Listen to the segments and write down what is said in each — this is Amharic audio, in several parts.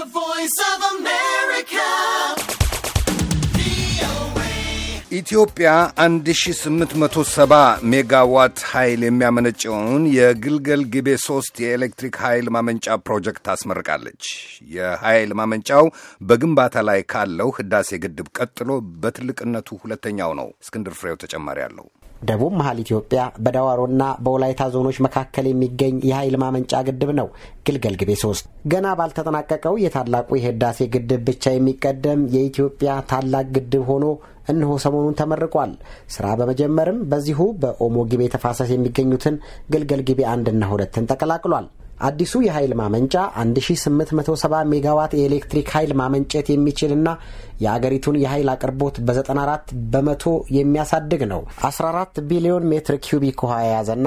The voice of America. ኢትዮጵያ 1870 ሜጋዋት ኃይል የሚያመነጨውን የግልገል ግቤ 3 የኤሌክትሪክ ኃይል ማመንጫ ፕሮጀክት ታስመርቃለች። የኃይል ማመንጫው በግንባታ ላይ ካለው ህዳሴ ግድብ ቀጥሎ በትልቅነቱ ሁለተኛው ነው። እስክንድር ፍሬው ተጨማሪ አለው። ደቡብ መሀል ኢትዮጵያ በዳዋሮና በወላይታ ዞኖች መካከል የሚገኝ የኃይል ማመንጫ ግድብ ነው። ግልገል ግቤ ሶስት ገና ባልተጠናቀቀው የታላቁ የህዳሴ ግድብ ብቻ የሚቀደም የኢትዮጵያ ታላቅ ግድብ ሆኖ እነሆ ሰሞኑን ተመርቋል። ስራ በመጀመርም በዚሁ በኦሞ ግቤ ተፋሰስ የሚገኙትን ግልገል ግቤ አንድና ሁለትን ተቀላቅሏል። አዲሱ የኃይል ማመንጫ 1870 ሜጋዋት የኤሌክትሪክ ኃይል ማመንጨት የሚችልና የአገሪቱን የኃይል አቅርቦት በ94 በመቶ የሚያሳድግ ነው። 14 ቢሊዮን ሜትር ኪዩቢክ ውሃ የያዘና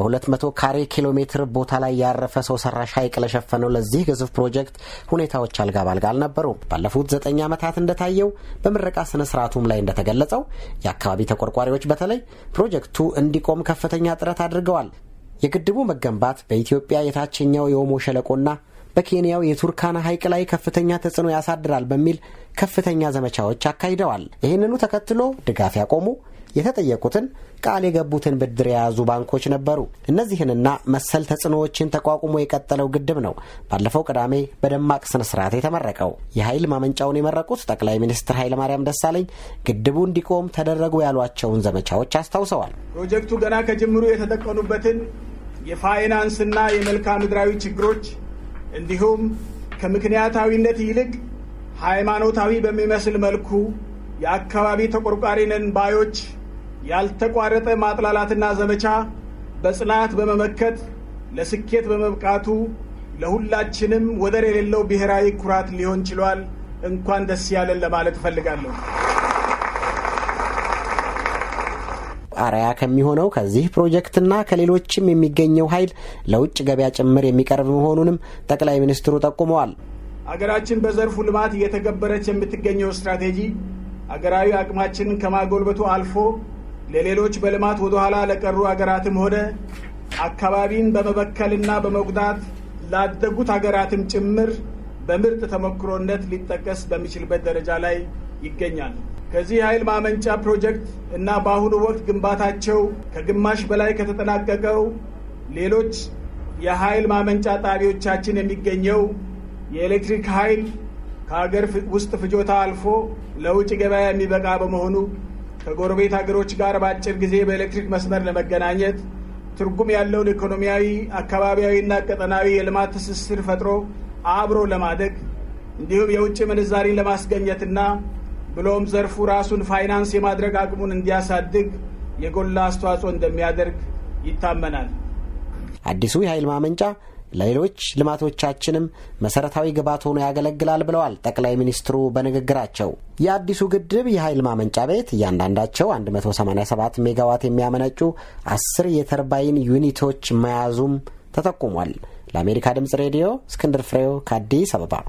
በ200 ካሬ ኪሎ ሜትር ቦታ ላይ ያረፈ ሰው ሰራሽ ሐይቅ ለሸፈነው ለዚህ ግዙፍ ፕሮጀክት ሁኔታዎች አልጋ ባልጋ አልነበሩም። ባለፉት 9 ዓመታት እንደታየው በምረቃ ስነ ስርዓቱም ላይ እንደተገለጸው የአካባቢ ተቆርቋሪዎች በተለይ ፕሮጀክቱ እንዲቆም ከፍተኛ ጥረት አድርገዋል። የግድቡ መገንባት በኢትዮጵያ የታችኛው የኦሞ ሸለቆና በኬንያው የቱርካና ሐይቅ ላይ ከፍተኛ ተጽዕኖ ያሳድራል በሚል ከፍተኛ ዘመቻዎች አካሂደዋል። ይህንኑ ተከትሎ ድጋፍ ያቆሙ የተጠየቁትን ቃል የገቡትን ብድር የያዙ ባንኮች ነበሩ። እነዚህንና መሰል ተጽዕኖዎችን ተቋቁሞ የቀጠለው ግድብ ነው ባለፈው ቅዳሜ በደማቅ ስነ ስርዓት የተመረቀው። የኃይል ማመንጫውን የመረቁት ጠቅላይ ሚኒስትር ማርያም ደሳለኝ ግድቡ እንዲቆም ተደረጉ ያሏቸውን ዘመቻዎች አስታውሰዋል። ፕሮጀክቱ ገና ከጅምሩ የተጠቀኑበትን የፋይናንስና የመልክዓ ምድራዊ ችግሮች እንዲሁም ከምክንያታዊነት ይልቅ ሃይማኖታዊ በሚመስል መልኩ የአካባቢ ተቆርቋሪ ነን ባዮች ያልተቋረጠ ማጥላላትና ዘመቻ በጽናት በመመከት ለስኬት በመብቃቱ ለሁላችንም ወደር የሌለው ብሔራዊ ኩራት ሊሆን ችሏል። እንኳን ደስ ያለን ለማለት እፈልጋለሁ። አርአያ ከሚሆነው ከዚህ ፕሮጀክትና ከሌሎችም የሚገኘው ኃይል ለውጭ ገበያ ጭምር የሚቀርብ መሆኑንም ጠቅላይ ሚኒስትሩ ጠቁመዋል። አገራችን በዘርፉ ልማት እየተገበረች የምትገኘው ስትራቴጂ አገራዊ አቅማችንን ከማጎልበቱ አልፎ ለሌሎች በልማት ወደኋላ ለቀሩ አገራትም ሆነ አካባቢን በመበከልና በመጉዳት ላደጉት አገራትም ጭምር በምርጥ ተሞክሮነት ሊጠቀስ በሚችልበት ደረጃ ላይ ይገኛል። ከዚህ ኃይል ማመንጫ ፕሮጀክት እና በአሁኑ ወቅት ግንባታቸው ከግማሽ በላይ ከተጠናቀቀው ሌሎች የኃይል ማመንጫ ጣቢያዎቻችን የሚገኘው የኤሌክትሪክ ኃይል ከሀገር ውስጥ ፍጆታ አልፎ ለውጭ ገበያ የሚበቃ በመሆኑ ከጎረቤት ሀገሮች ጋር በአጭር ጊዜ በኤሌክትሪክ መስመር ለመገናኘት ትርጉም ያለውን ኢኮኖሚያዊ፣ አካባቢያዊና ቀጠናዊ የልማት ትስስር ፈጥሮ አብሮ ለማደግ እንዲሁም የውጭ ምንዛሪን ለማስገኘትና ብሎም ዘርፉ ራሱን ፋይናንስ የማድረግ አቅሙን እንዲያሳድግ የጎላ አስተዋጽኦ እንደሚያደርግ ይታመናል። አዲሱ የኃይል ማመንጫ ለሌሎች ልማቶቻችንም መሰረታዊ ግብዓት ሆኖ ያገለግላል ብለዋል ጠቅላይ ሚኒስትሩ በንግግራቸው። የአዲሱ ግድብ የኃይል ማመንጫ ቤት እያንዳንዳቸው 187 ሜጋዋት የሚያመነጩ አስር የተርባይን ዩኒቶች መያዙም ተጠቁሟል። ለአሜሪካ ድምፅ ሬዲዮ እስክንድር ፍሬው ከአዲስ አበባ